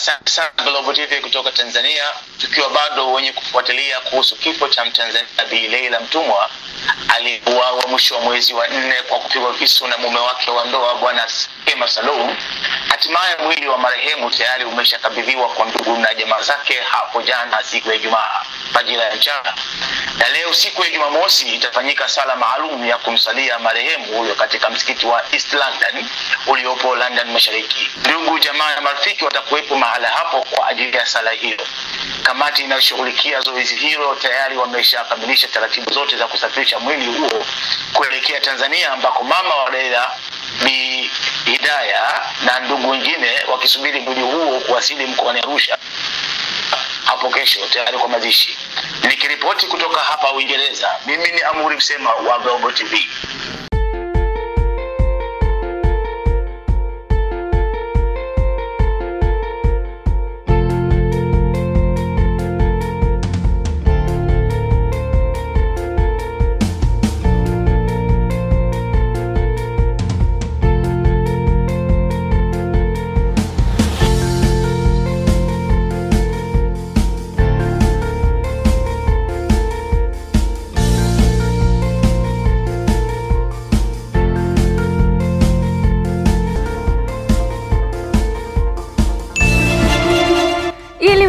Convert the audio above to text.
Asante sana Global TV kutoka Tanzania, tukiwa bado wenye kufuatilia kuhusu kifo cha Mtanzania Bi Leila Mtumwa aliyeuawa mwisho wa mwezi wa nne kwa kupigwa visu na mume wake wa ndoa Bwana Kema Salum Hatimaye mwili wa marehemu tayari umeshakabidhiwa kwa ndugu na jamaa zake hapo jana siku ya Ijumaa majira ya mchana, na leo siku ya Jumamosi itafanyika sala maalum ya kumsalia marehemu huyo katika msikiti wa East London uliopo London Mashariki. Ndugu jamaa na marafiki watakuwepo mahala hapo kwa ajili ya sala hiyo. Kamati inayoshughulikia zoezi hilo tayari wameshakamilisha taratibu zote za kusafirisha mwili huo kuelekea Tanzania ambako mama wa Leila wakisubiri mji huo kuwasili mkoani Arusha hapo kesho tayari kwa mazishi. Nikiripoti kutoka hapa Uingereza, mimi ni Amuri Msema wa Global TV.